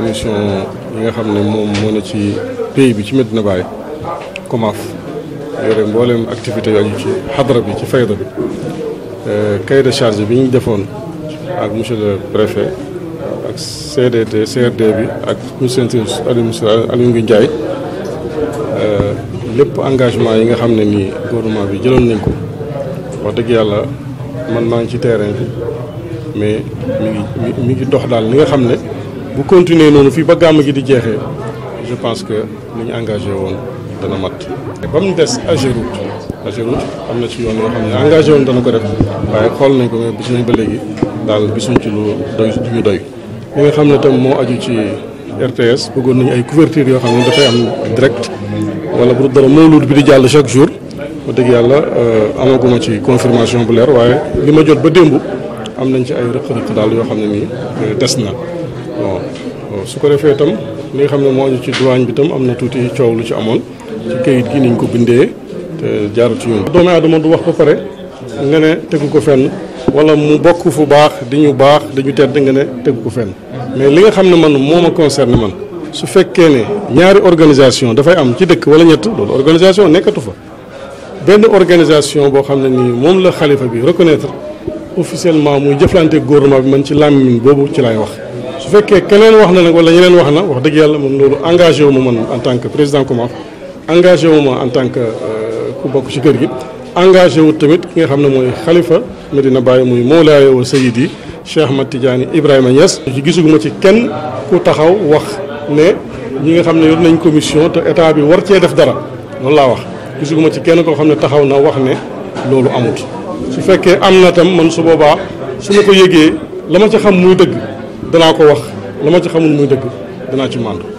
pollution yi nga xam ne moom moo ne ci pays bi ci Medina Baye COMAF yore mbooleem activité yu aju ci xadra bi ci fayda bi euh, cahier de charge bi ñu defoon ak monsieur le préfet ak CDT CRD bi ak monsieur Aliou monsieur Aliou Ngouille Ndiaye euh, lépp engagement yi nga xam ne ni gouvernement bi jëloon nañ ko wax dëgg yàlla man maa ngi ci terrain bi mais mi ngi mi ngi dox daal li nga xam ne. bu continuer noonu fii ba gàmm gi di jeexee je pense que li ñu engagé woon dana mat. ba mu des Ageroute Ageroute am na ci yoon yoo xam ne engagé woon dana ko def waaye xool nañ ko mais bis ba léegi daal gisuñ ci lu doy ñu doy. li nga xam ne tam moo aju ci RTS bëggoon nañu ay couverture yoo xam ne dafay am direct wala pour dara mawlud bi di jàll chaque jour. ba dëgg yàlla euh, amaguma ci confirmation bu leer waaye li ma jot ba démb am nañ ci ay rëq-rëq yoo xam ne nii euh, des na bon su ko defee itam li nga xam ne moo ñu ci douane bi tam am na tuuti coow lu ci amoon ci kayit gi niñ ko bindee te jaaru ci yoon. doomu aadama du wax ko pare nga ne tegu ko fenn wala mu bokk fu baax di ñu baax dañu ñu tedd nga ne tegu ko fenn mais li nga xam ne man moom a concerne man su fekkee ne ñaari organisation dafay am ci dëkk wala ñett loolu organisation nekkatu fa benn organisation boo xam ne nii moom la xalifa bi reconnaître officiellement muy jëflante gouvernement bi man ci làmmiñ boobu ci laay wax. su fekkee keneen wax na nag wala ñeneen wax na wax dëgg yàlla moom loolu engagé wu ma man en tant que président COMAF engagé wu ma en tant que euh, ku bokk ci kër gi engagé wu tamit ki nga xam ne mooy xalifa Medina Baye muy Mawlaaya wa Sayyidi Cheikh Ahmad Tidiane Ibrahima Niass. ci gisuguma ci kenn ku taxaw wax ne ñi nga xam ne yor nañ commission te état bi war cee def dara loolu laa wax gisuguma ci kenn koo xam ne taxaw na wax ne loolu amut su fekkee am na tam man su boobaa su ma ko yëgee la ma ci xam muy dëgg. danaa ko wax la ma ci xamul muy dégg danaa ci màndu